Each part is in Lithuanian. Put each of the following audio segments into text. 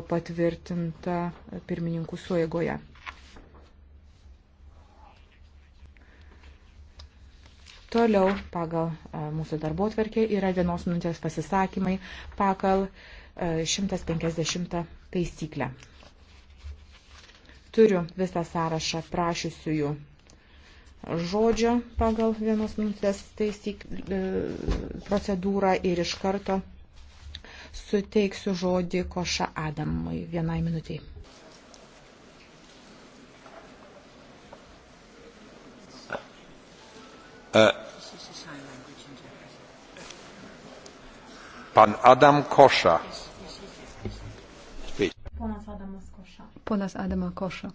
buvo patvirtinta pirmininkų suėgoje. Toliau pagal e, mūsų darbo tvarkė yra vienos minutės pasisakymai pagal 150 e, taisyklę. Turiu visą sąrašą prašysiųjų žodžio pagal vienos minutės taisyk, e, procedūrą ir iš karto suteiksiu žodį Koša Adamui vienai minutiai. E, pan Adam Koša. Ponas Adamas Koša. Ponas Adama Koša.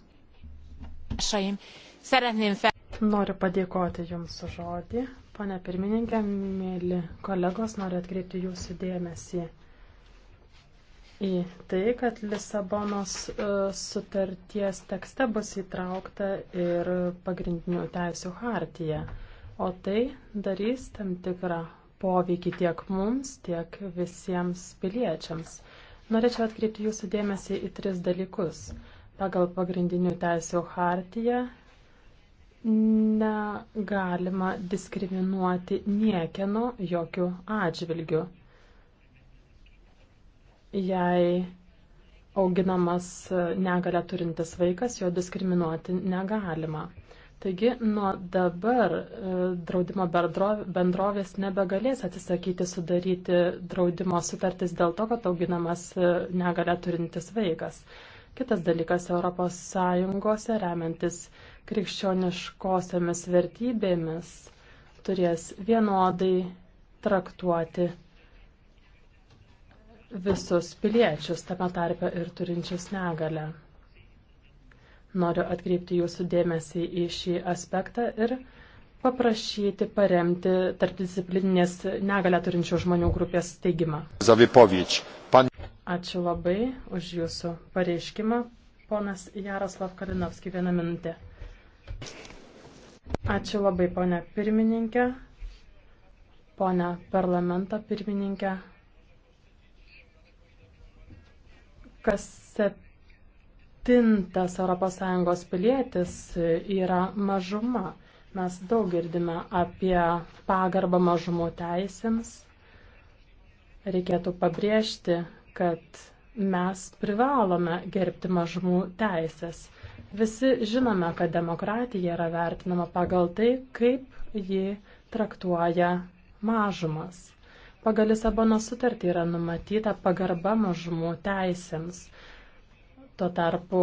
Noriu padėkoti Jums už žodį. Pane pirmininkė, mėly kolegos, noriu atkreipti Jūsų dėmesį į tai, kad Lisabonos e, sutarties tekste bus įtraukta ir pagrindinių teisų hartija, o tai darys tam tikrą poveikį tiek mums, tiek visiems piliečiams. Norėčiau atkreipti jūsų dėmesį į tris dalykus. Pagal pagrindinių teisų hartiją negalima diskriminuoti niekieno jokių atžvilgių jei auginamas negalę turintis vaikas, jo diskriminuoti negalima. Taigi nuo dabar e, draudimo bendrovės nebegalės atsisakyti sudaryti draudimo sutartis dėl to, kad auginamas e, negalę turintis vaikas. Kitas dalykas ES remiantis krikščioniškosiamis vertybėmis turės vienodai traktuoti visus piliečius, tame tarpe ir turinčius negalę. Noriu atkreipti jūsų dėmesį į šį aspektą ir paprašyti paremti tarpdisciplininės negalę turinčių žmonių grupės steigimą. Pan... Ačiū labai už jūsų pareiškimą. Ponas Jaroslav Kalinovski, vieną minutę. Ačiū labai, ponė pirmininkė, ponė parlamento pirmininkė, kas septintas ES pilietis yra mažuma. Mes daug girdime apie pagarbą mažumų teisėms. Reikėtų pabrėžti, kad mes privalome gerbti mažumų teisės. Visi žinome, kad demokratija yra vertinama pagal tai, kaip ji traktuoja mažumas. Pagal Lisabono sutartį yra numatyta pagarba mažumų teisėms. Tuo tarpu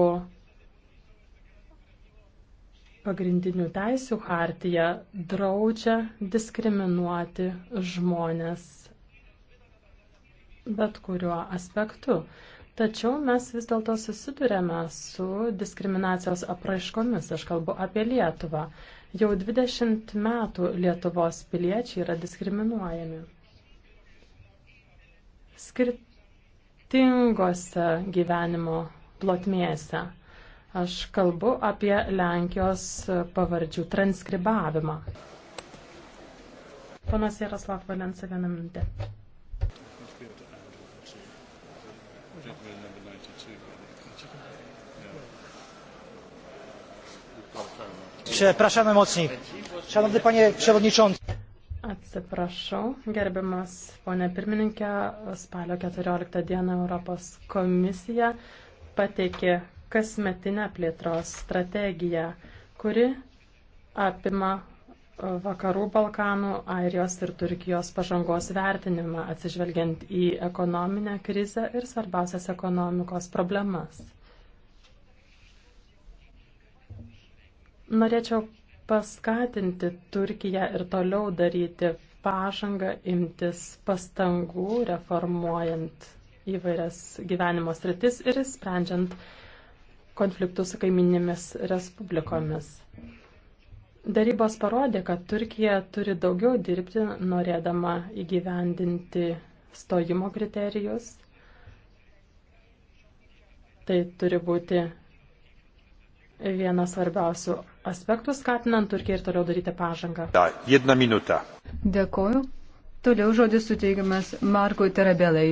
pagrindinių teisių hartija draudžia diskriminuoti žmonės bet kuriuo aspektu. Tačiau mes vis dėlto susidurėme su diskriminacijos apraiškomis. Aš kalbu apie Lietuvą. Jau 20 metų Lietuvos piliečiai yra diskriminuojami skirtingose gyvenimo plotmėse. Aš kalbu apie Lenkijos pavardžių transkribavimą. Ponas Jaroslav Valensa vieną minutę. Przepraszamy mocniej. Szanowny panie przewodniczący. Atsiprašau, gerbiamas ponė pirmininkė, spalio 14 dieną Europos komisija pateikė kasmetinę plėtros strategiją, kuri apima Vakarų Balkanų, Airijos ir Turkijos pažangos vertinimą atsižvelgiant į ekonominę krizę ir svarbiausias ekonomikos problemas. Norėčiau paskatinti Turkiją ir toliau daryti pažangą, imtis pastangų, reformuojant įvairias gyvenimo sritis ir sprendžiant konfliktus su kaiminėmis respublikomis. Darybos parodė, kad Turkija turi daugiau dirbti, norėdama įgyvendinti stojimo kriterijus. Tai turi būti vienas svarbiausių aspektus, skatinant Turkiją ir toliau daryti pažangą. Da, vieną minutę. Dėkoju. Toliau žodis suteikiamas Markui Terabelai.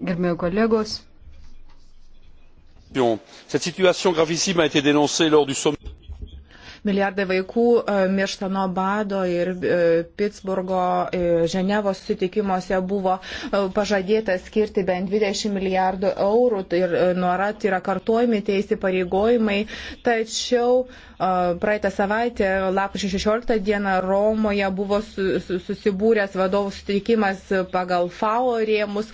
Gerbėjau kolegos. Cette situation gravissime a été dénoncée lors du sommet. Milijardai vaikų e, miršta nuo bado ir e, Pittsburgo, e, Ženevos sutikimuose buvo pažadėta skirti bent 20 milijardų eurų ir nuorat yra kartuojami tie įsipareigojimai. Tačiau uh, Praeitą savaitę, lapkričio 16 dieną, Romoje buvo susibūręs vadovų sutikimas pagal FAO rėmus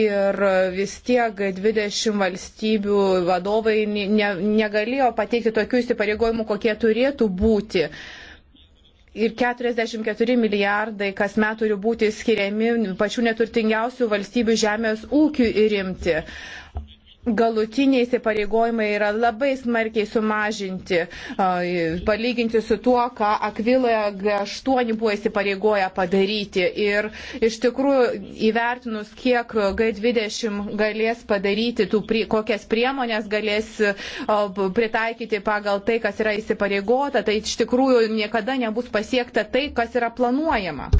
ir vis tiek 20 valstybių vadovai ne, negalėjo pateikti tokių įsipareigojimų, kokie turėtų būti ir 44 milijardai kas met turi būti skiriami pačių neturtingiausių valstybių žemės ūkiui įrimti galutiniai įsipareigojimai yra labai smarkiai sumažinti, palyginti su tuo, ką Akviloje G8 buvo įsipareigoję padaryti. Ir iš tikrųjų įvertinus, kiek G20 galės padaryti, prie, kokias priemonės galės pritaikyti pagal tai, kas yra įsipareigota, tai iš tikrųjų niekada nebus pasiekta tai, kas yra planuojama.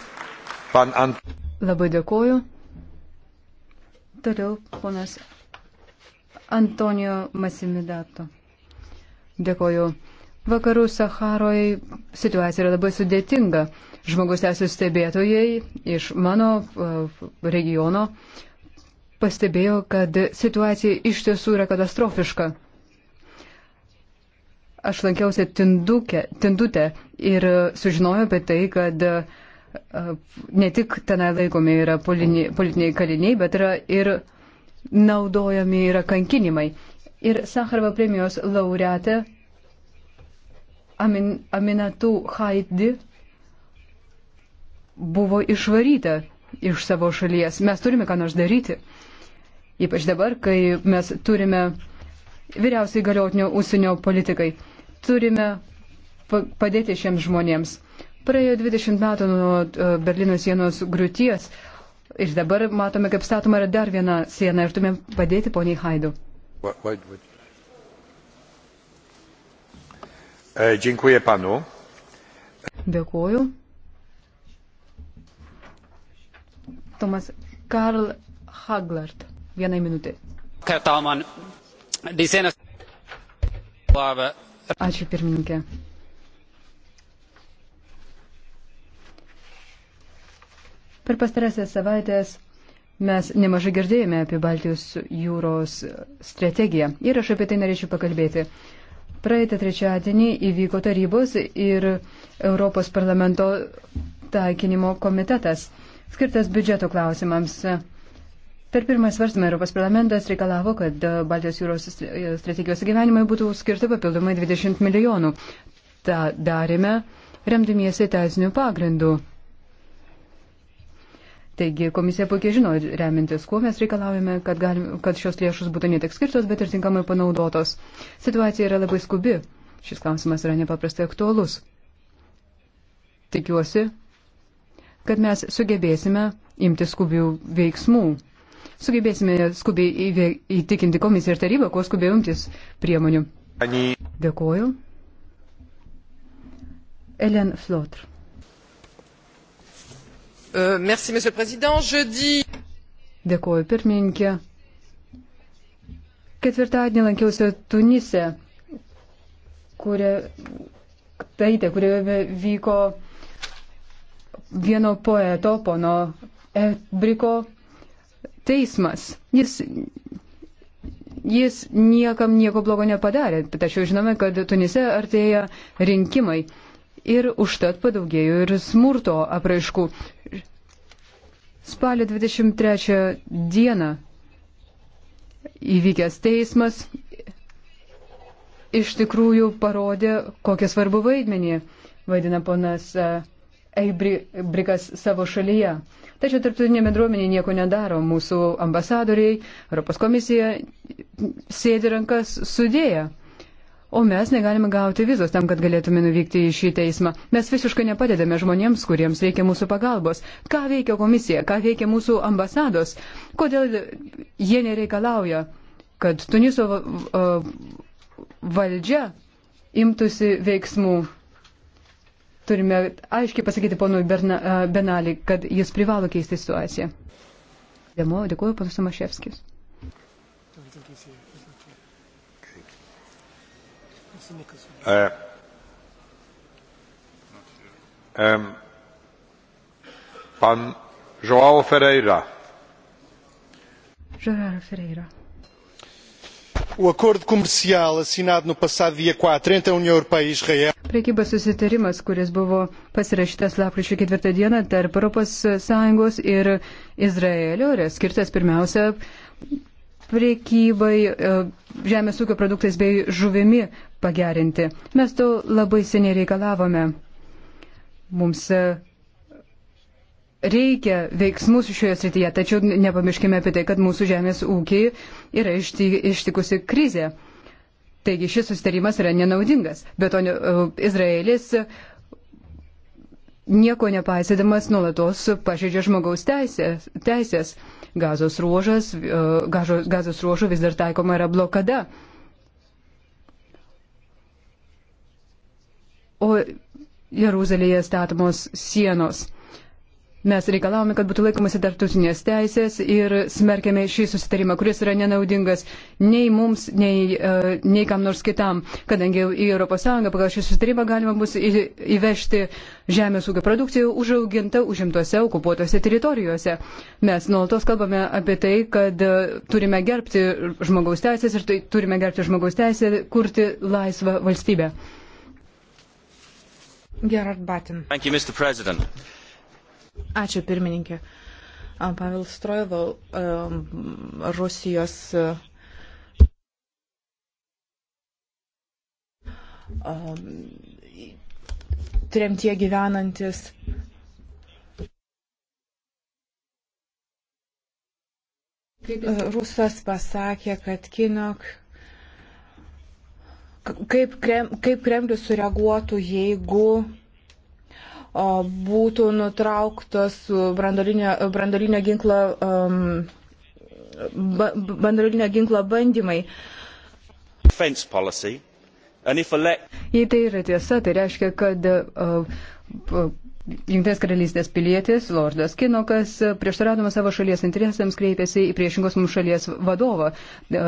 Pan ant. Labai dėkoju. Toliau ponas Antonijo Masimidato. Dėkoju. Vakarų Saharoje situacija yra labai sudėtinga. Žmogus teisų stebėtojai iš mano uh, regiono pastebėjo, kad situacija iš tiesų yra katastrofiška. Aš lankiausi tinduke, Tindute ir sužinojau apie tai, kad uh, ne tik tenai laikomi yra politiniai kaliniai, bet yra ir naudojami yra kankinimai. Ir Sakharovo premijos laureatė Amin, Aminatu Haiddi buvo išvaryta iš savo šalies. Mes turime ką nors daryti. Ypač dabar, kai mes turime vyriausiai galiotinio užsienio politikai. Turime padėti šiems žmonėms. Praėjo 20 metų nuo e, Berlyno sienos griūties. Ir dabar matome, kaip statoma yra dar viena siena ir turime padėti poniai Haidu. E, dziękuję panu. Dėkuoju. Tomas Karl Haglart. Vienai minutė. Ačiū pirmininkė. Per pastarąsias savaitės mes nemažai girdėjome apie Baltijos jūros strategiją ir aš apie tai norėčiau pakalbėti. Praeitą trečiadienį įvyko tarybos ir Europos parlamento taikinimo komitetas, skirtas biudžeto klausimams. Per pirmą svarstymą Europos parlamentas reikalavo, kad Baltijos jūros strategijos gyvenimai būtų skirta papildomai 20 milijonų. Ta darėme remdamiesi teisinių pagrindų. Taigi komisija puikiai žino, remintis, kuo mes reikalaujame, kad, galim, kad šios lėšus būtų ne tik skirtos, bet ir tinkamai panaudotos. Situacija yra labai skubi. Šis klausimas yra nepaprastai aktuolus. Tikiuosi, kad mes sugebėsime imti skubių veiksmų. Sugebėsime skubiai įtikinti komisiją ir tarybą, kuo skubiai imtis priemonių. Dėkuoju. Elen Flotr. Euh, merci, monsieur prezident. Jeudi. Dėkuoju, pirmininkė. Ketvirtadienį lankiausi Tunise, kuria, taitė, kurioje vyko vieno poeto, pono Ebriko teismas. Jis jis niekam nieko blogo nepadarė, tačiau žinome, kad Tunise artėja rinkimai. Ir užtat padaugėjo ir smurto apraiškų. Spalio 23 dieną įvykęs teismas iš tikrųjų parodė, kokią svarbų vaidmenį vaidina ponas e, Eibrikas savo šalyje. Tačiau tarptautinė bendruomenė nieko nedaro. Mūsų ambasadoriai, Europos komisija sėdi rankas sudėję. O mes negalime gauti vizos tam, kad galėtume nuvykti į šį teismą. Mes visiškai nepadedame žmonėms, kuriems reikia mūsų pagalbos. Ką veikia komisija, ką veikia mūsų ambasados, kodėl jie nereikalauja, kad Tuniso valdžia imtųsi veiksmų. Turime aiškiai pasakyti ponui Benali, kad jis privalo keisti situaciją. Dėkuoju, panas Samaševskis. Uh, um, pan João Ferreira. João Ferreira. O acordo comercial assinado no passado dia 4 entre a União Europeia e Israel. Prekybos susitarimas, kuris buvo pasirašytas lapkričio 4 dieną tarp ES ir Izraelio, yra skirtas pirmiausia prekybai e, žemės ūkio produktais bei žuvimi pagerinti. Mes to labai seniai reikalavome. Mums e, reikia veiksmus šioje srityje, tačiau nepamirškime apie tai, kad mūsų žemės ūkiai yra ištikusi krizė. Taigi šis sustarimas yra nenaudingas. Bet o e, Izraelis nieko nepaisydamas nuolatos pažeidžia žmogaus teisės. teisės. Gazos ruožas, e, gazos ruožo vis dar taikoma yra blokada. O Jeruzalėje statomos sienos. Mes reikalavome, kad būtų laikomasi tarptautinės teisės ir smerkėme šį susitarimą, kuris yra nenaudingas nei mums, nei, e, nei kam nors kitam, kadangi į ES pagal šį susitarimą galima bus įvežti žemės ūkio produkciją užaugintą užimtuose, okupuotose teritorijose. Mes nuolatos kalbame apie tai, kad e, turime gerbti žmogaus teisės ir tai turime gerbti žmogaus teisę kurti laisvą valstybę. Gerard Batin. Thank you, Mr. President. Ačiū pirmininkė. Pavel Stroivo, Rusijos tremtie gyvenantis Rusas pasakė, kad Kinok, kaip, krem, kaip Kremlius sureaguotų, jeigu būtų nutrauktos brandolinio, brandolinio ginklo, um, brandolinio ginklo bandymai. Jei tai yra tiesa, tai reiškia, kad uh, Junktinės karalystės pilietis, Lordas Kinokas, prieštaraudamas savo šalies interesams, kreipėsi į priešingos mums šalies vadovą. E,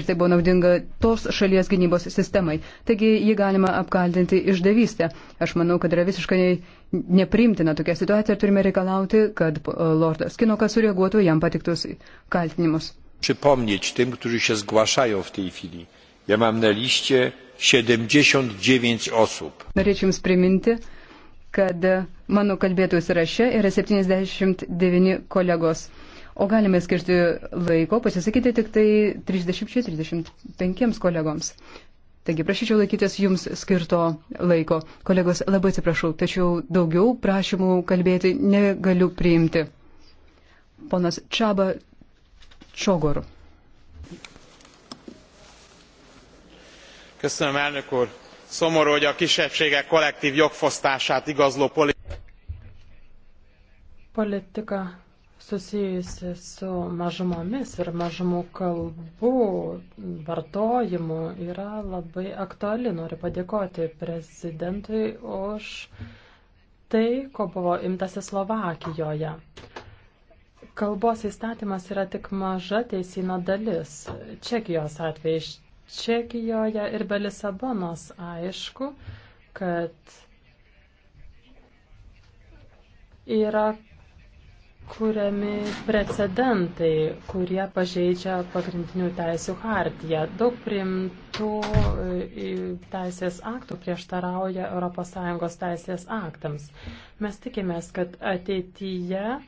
ir tai buvo naudinga tos šalies gynybos sistemai. Taigi jį galima apkaldinti išdavystę. Aš manau, kad yra visiškai neprimtina tokia situacija ir turime reikalauti, kad e, Lordas Kinokas sureaguotų jam patiktus kaltinimus. Przypomnieć tym, którzy się zgłaszają w tej chwili. Ja mam na liście 79 osób. Norėčiau Jums priminti, kad mano kalbėtojų sąraše yra 79 kolegos, o galime skirti laiko pasisakyti tik tai 30-35 kolegoms. Taigi prašyčiau laikytis jums skirto laiko. Kolegos, labai atsiprašau, tačiau daugiau prašymų kalbėti negaliu priimti. Ponas Čaba Čogor. Köszönöm, elnök úr! szomorú hogy a kisebbségek kollektv jogfosztását igazoló politika susijusi su mažumomis ir mažumų kalbų vartojimu yra labai aktuali. Noriu padėkoti prezidentui už tai, ko buvo imtasi Slovakijoje. Kalbos įstatymas yra tik maža teisino dalis. Čekijos atvejais Čekijoje ir be Lisabonos aišku, kad yra kuriami precedentai, kurie pažeidžia pagrindinių teisų hartiją. Daug priimtų e, teisės aktų prieštarauja ES teisės aktams. Mes tikimės, kad ateityje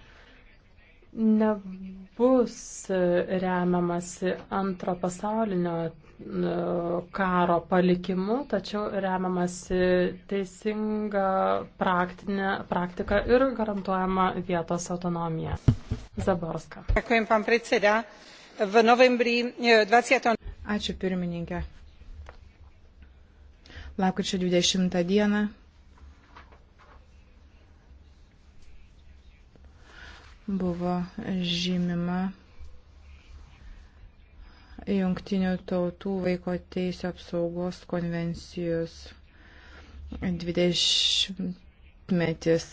nebus remiamasi antro pasaulinio E, karo palikimu, tačiau remiamasi teisinga praktinė praktika ir garantuojama vietos autonomija. Zaborska. E, Ačiū pirmininkė. Lakučio 20 dieną buvo žymima Jungtinių tautų vaiko teisų apsaugos konvencijos 20 metis.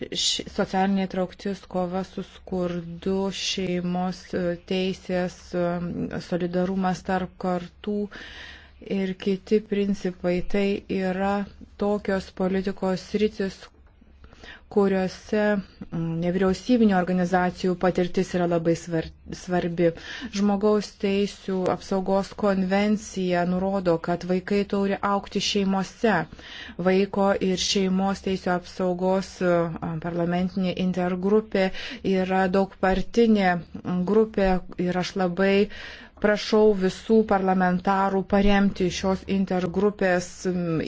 Socialinė trauktis, kova su skurdu, šeimos e, teisės, e, solidarumas tarp kartų ir kiti principai. Tai yra tokios politikos rytis, kuriuose mm, nevyriausybinio organizacijų patirtis yra labai svarbi. Žmogaus teisų apsaugos konvencija nurodo, kad vaikai turi aukti šeimose. Vaiko ir šeimos teisų apsaugos e, parlamentinė intergrupė yra daugpartinė grupė ir aš labai Prašau visų parlamentarų paremti šios intergrupės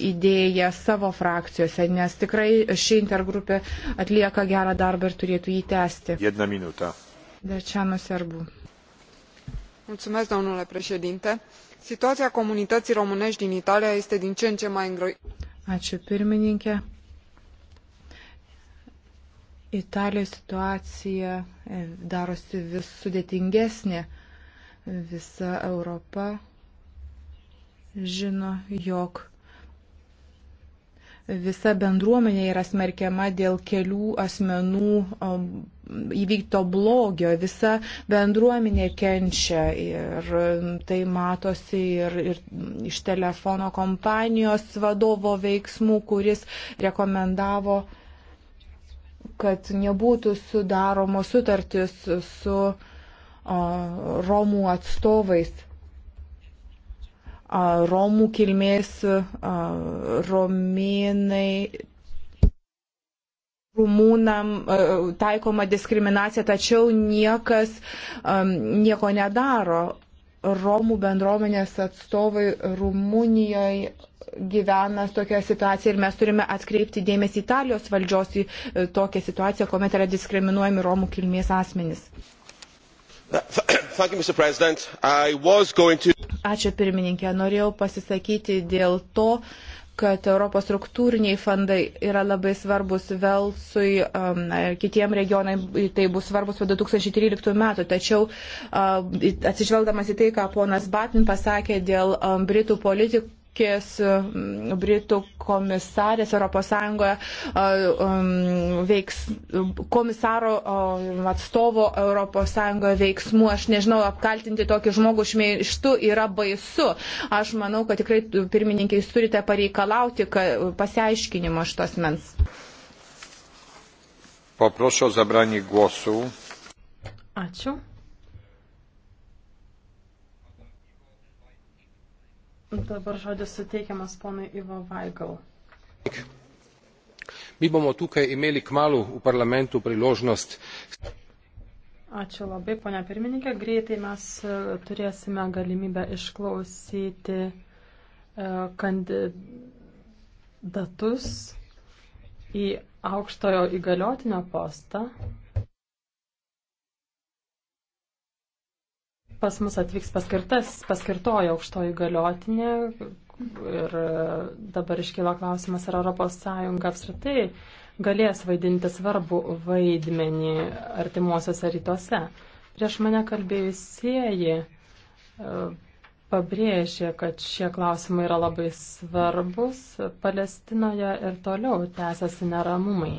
idėją savo frakcijose, nes tikrai ši intergrupė atlieka gerą darbą ir turėtų jį tęsti. Vieną minutę. Dačiano Serbu. Mulțumesc, domnule președinte. Situația comunității românești din Italia este din ce în ce mai îngrozitoare. Ačiū pirmininkė. Italijos situacija e, darosi vis sudėtingesnė. Visa Europa žino, jog visa bendruomenė yra smerkiama dėl kelių asmenų um, įvykto blogio, visa bendruomenė kenčia ir um, tai matosi ir, ir iš telefono kompanijos vadovo veiksmų, kuris rekomendavo, kad nebūtų sudaromos sutartis su uh, Romų atstovais, Romų kilmės romėnai rumūnam taikoma diskriminacija, tačiau niekas nieko nedaro. Romų bendruomenės atstovai Rumunijoje gyvena tokia situacija ir mes turime atkreipti dėmesį Italijos valdžios į e, tokią situaciją, kuomet yra diskriminuojami Romų kilmės asmenys mr president i was going to. ačiū pirmininke norėjau pasisakyti dėl to kad Europos struktūriniai fondai yra labai svarbus Velsui um, ir kitiem regionai, tai bus svarbus po 2013 metų. Tačiau um, atsižvelgdamas į tai, ką ponas Batin pasakė dėl um, Britų politikų, Merkės, mm, Britų komisarės ES um, veiks, komisaro atstovo ES veiksmų. Aš nežinau, apkaltinti tokį žmogų šmeištu yra baisu. Aš manau, kad tikrai pirmininkiai jūs turite pareikalauti pasiaiškinimo šitos mens. Poprošau zabranie głosu. Ačiū. Dabar žodis suteikiamas ponui Ivo Vaigal. Mi bomo tukaj imeli kmalo v parlamentu priložnost. Ačiū labai, ponia pirmininkė. Greitai mes e, turėsime galimybę išklausyti e, kandidatus į aukštojo įgaliotinio postą. pas mus atvyks paskirtas, paskirtoja aukštoji galiotinė ir e, dabar iškilo klausimas, ar ES apskritai galės vaidinti svarbu vaidmenį artimuosiuose rytuose. Prieš mane kalbėjusieji e, pabrėžė, kad šie klausimai yra labai svarbus. Palestinoje ir toliau tęsiasi neramumai.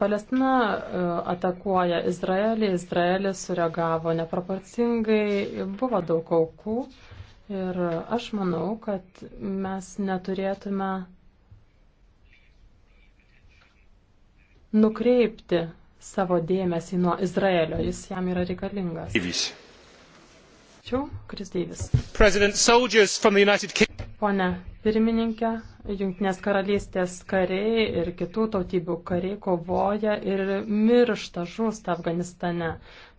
Palestina e, atakuoja Izraelį, Izraelis sureagavo neproporcingai, buvo daug aukų ir aš manau, kad mes neturėtume nukreipti savo dėmesį nuo Izraelio, jis jam yra reikalingas. Davis. Ačiū, Kris Deivis. Pone pirmininkė, Junktinės karalystės kariai ir kitų tautybių kariai kovoja ir miršta žūsta Afganistane.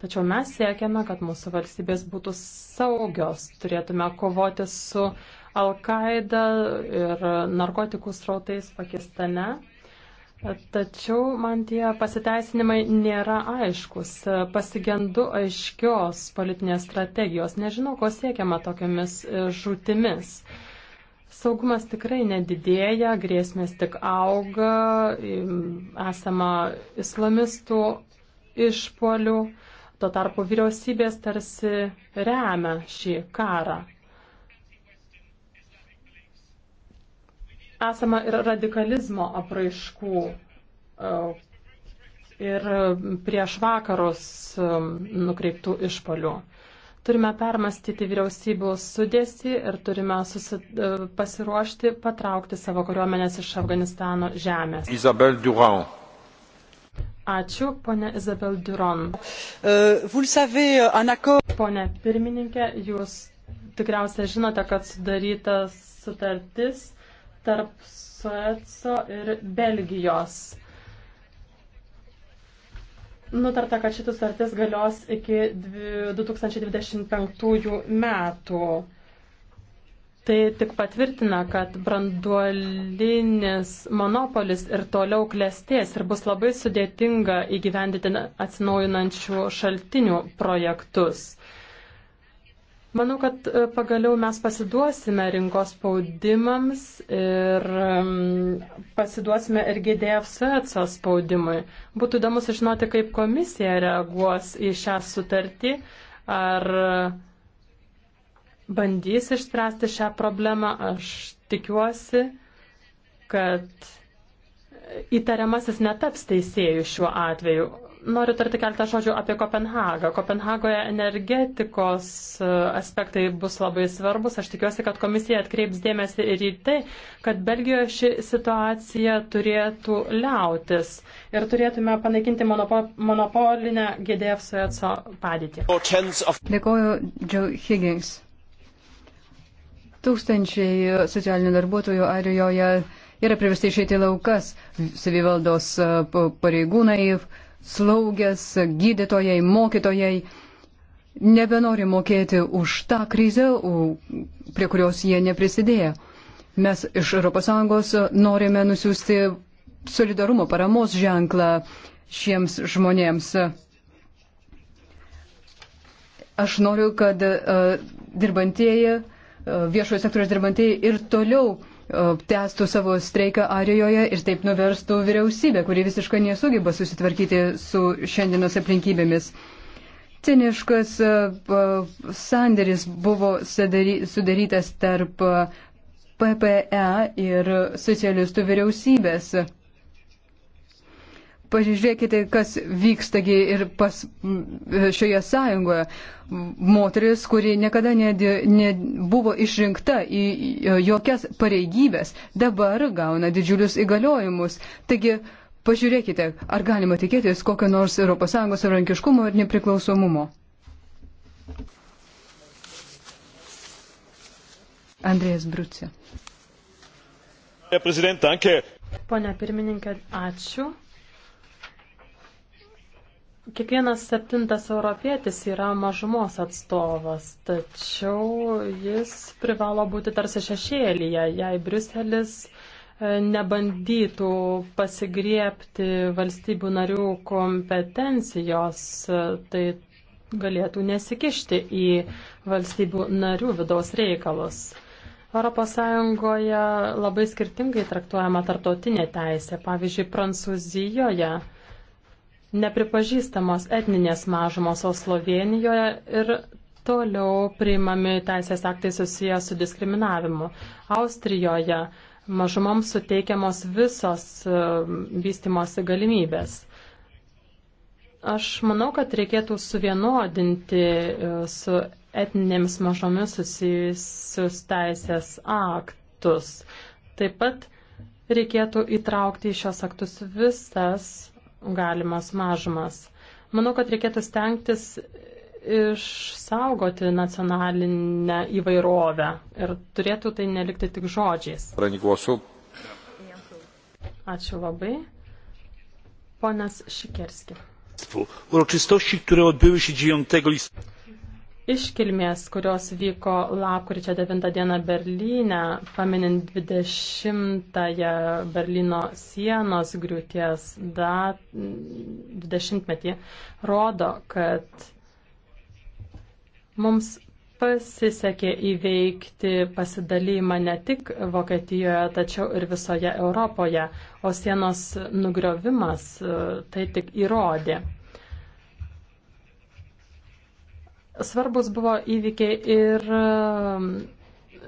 Tačiau mes siekiame, kad mūsų valstybės būtų saugios. Turėtume kovoti su Al-Qaeda ir narkotikų srautais Pakistane. Tačiau man tie pasiteisinimai nėra aiškus. Pasigendu aiškios politinės strategijos. Nežinau, ko siekiama tokiamis žūtimis. Uh, Saugumas tikrai nedidėja, grėsmės tik auga, esama islamistų išpolių, tuo tarpu vyriausybės tarsi remia šį karą. Esama ir radikalizmo apraiškų, e, ir prieš vakarus nukreiptų išpolių. Turime permastyti vyriausybių sudėsi ir turime susi, e, pasiruošti patraukti savo kariuomenės iš Afganistano žemės. Isabel Durand. Ačiū, ponė Isabel Duron. Pone pirmininkė, jūs tikriausiai žinote, kad sudarytas sutartis tarp Sueco ir Belgijos. Nutarta, kad šitas artis galios iki 2025 metų. Tai tik patvirtina, kad branduolinis monopolis ir toliau klestės ir bus labai sudėtinga įgyvendyti atsinaujinančių šaltinių projektus. Manau, kad e, pagaliau mes pasiduosime rinkos spaudimams ir pasiduosime ir GDFC spaudimui. Būtų įdomu sužinoti, kaip komisija reaguos į šią sutartį, ar bandys išspręsti šią problemą. Aš tikiuosi, kad e, įtariamasis netaps teisėjų šiuo atveju. Noriu tarti keletą žodžių apie Kopenhagą. Kopenhagoje energetikos e, aspektai bus labai svarbus. Aš tikiuosi, kad komisija atkreips dėmesį ir į tai, kad Belgijoje ši situacija turėtų liautis ir turėtume panaikinti monopo, monopolinę GDF Sueco padėtį. Dėkoju, Joe Higgins. Tūkstančiai socialinių darbuotojų Airijoje yra privesti išėti laukas, savivaldos e, pareigūnai slaugės, gydytojai, mokytojai nebenori mokėti už tą krizę, prie kurios jie neprisidėjo. Mes iš ES norime nusiųsti solidarumo paramos ženklą šiems žmonėms. Aš noriu, kad uh, dirbantieji, uh, viešojo sektoriaus dirbantieji ir toliau uh, tęstų savo streiką Arijoje ir taip nuverstų vyriausybę, kuri visiškai nesugeba susitvarkyti su šiandienos aplinkybėmis. Ciniškas sanderis buvo sudarytas tarp PPE ir socialistų vyriausybės pažiūrėkite, kas vykstagi ir pas, šioje sąjungoje. Moteris, kuri niekada nebuvo išrinkta į jokias pareigybės, dabar gauna didžiulius įgaliojimus. Taigi, pažiūrėkite, ar galima tikėtis kokio nors ES rankiškumo ir nepriklausomumo. Andrėjas Brucija. Pone pirmininkė, ačiū. Kiekvienas septintas europietis yra mažumos atstovas, tačiau jis privalo būti tarsi šešėlyje, jei Briuselis e, nebandytų pasigriepti valstybių narių kompetencijos, e, tai galėtų nesikišti į valstybių narių vidaus reikalus. ES labai skirtingai traktuojama tartotinė teisė, pavyzdžiui, Prancūzijoje nepripažįstamos etninės mažumos, o Slovenijoje ir toliau priimami teisės aktai susiję su diskriminavimu. Austrijoje mažumoms suteikiamos visos e, vystimosi galimybės. Aš manau, kad reikėtų suvienodinti e, su etninėms mažomis susijusius teisės aktus. Taip pat reikėtų įtraukti į šios aktus visas galimas mažumas. Manau, kad reikėtų stengtis išsaugoti nacionalinę įvairovę ir turėtų tai nelikti tik žodžiais. Ranikuosiu. Ačiū labai. Ponas Šikerski. Uroczystości, które odbyły się 9 listopada iškilmės, kurios vyko lapkričio 9 dieną Berlyne, paminint 20-ąją Berlyno sienos griūties dat, 20-metį, rodo, kad mums pasisekė įveikti pasidalymą ne tik Vokietijoje, tačiau ir visoje Europoje, o sienos nugriovimas e, tai tik įrodė. Svarbus buvo įvykiai ir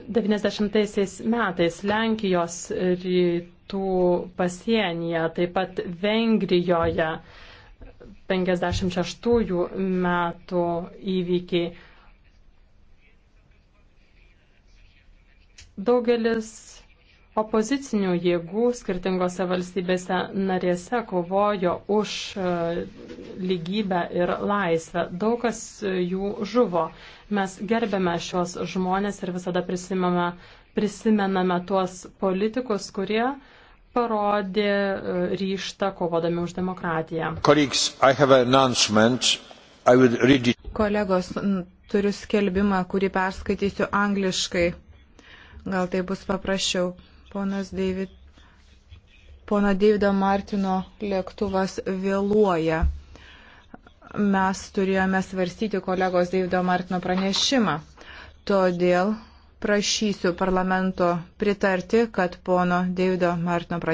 90-aisiais um, metais Lenkijos rytų pasienyje, taip pat Vengrijoje 56-ųjų metų įvykiai. Daugelis opozicinių jėgų skirtingose valstybėse narėse kovojo už e, lygybę ir laisvę. Daug kas e, jų žuvo. Mes gerbėme šios žmonės ir visada prisimame, prisimename tuos politikus, kurie parodė e, ryštą kovodami už demokratiją. Kolegos, turiu skelbimą, kurį perskaitysiu angliškai. Gal tai bus paprasčiau. Ponas David, pono Davido Martino lėktuvas vėluoja. Mes turėjome svarstyti kolegos Davido Martino pranešimą. Todėl prašysiu parlamento pritarti, kad pono Davido Martino pranešimą.